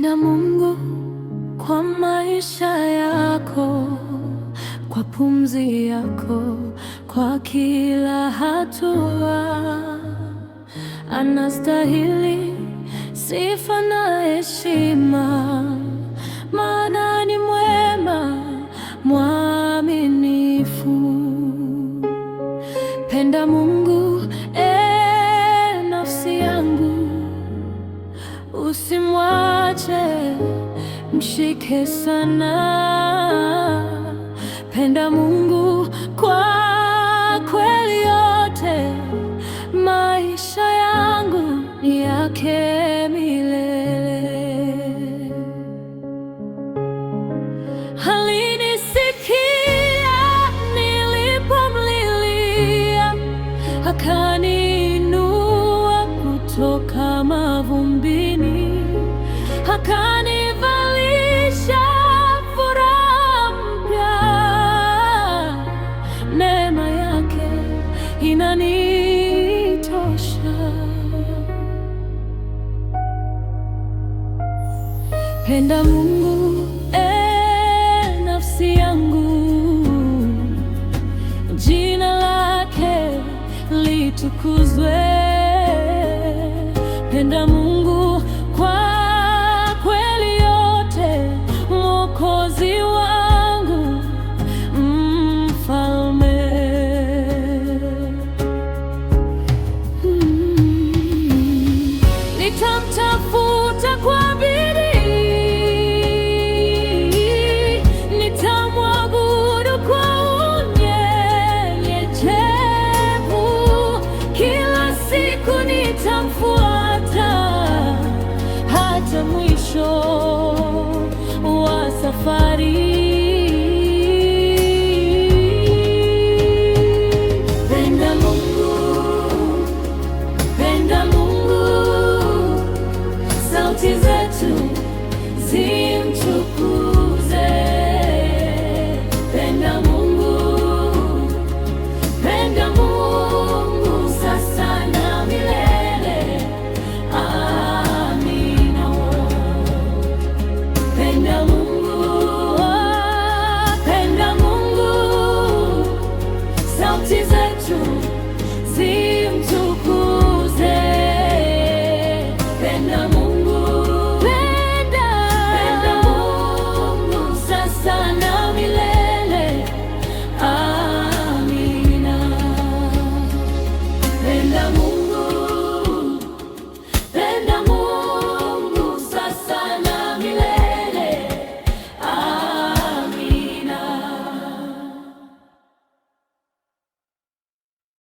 Mpenda Mungu kwa maisha yako, kwa pumzi yako, kwa kila hatua. Anastahili sifa na heshima. mshike sana, penda Mungu kwa kweli yote, maisha yangu ni yake milele. Alinisikia nilipomlilia, akaniinua kutoka mavumbini, akani penda Mungu eh, nafsi yangu, jina lake litukuzwe. Penda Mungu kwa kweli yote, Mwokozi wangu, mfalme mm, nitamta nitamfuata hata mwisho wa safari. Penda Mungu, penda Mungu, sauti zetu zi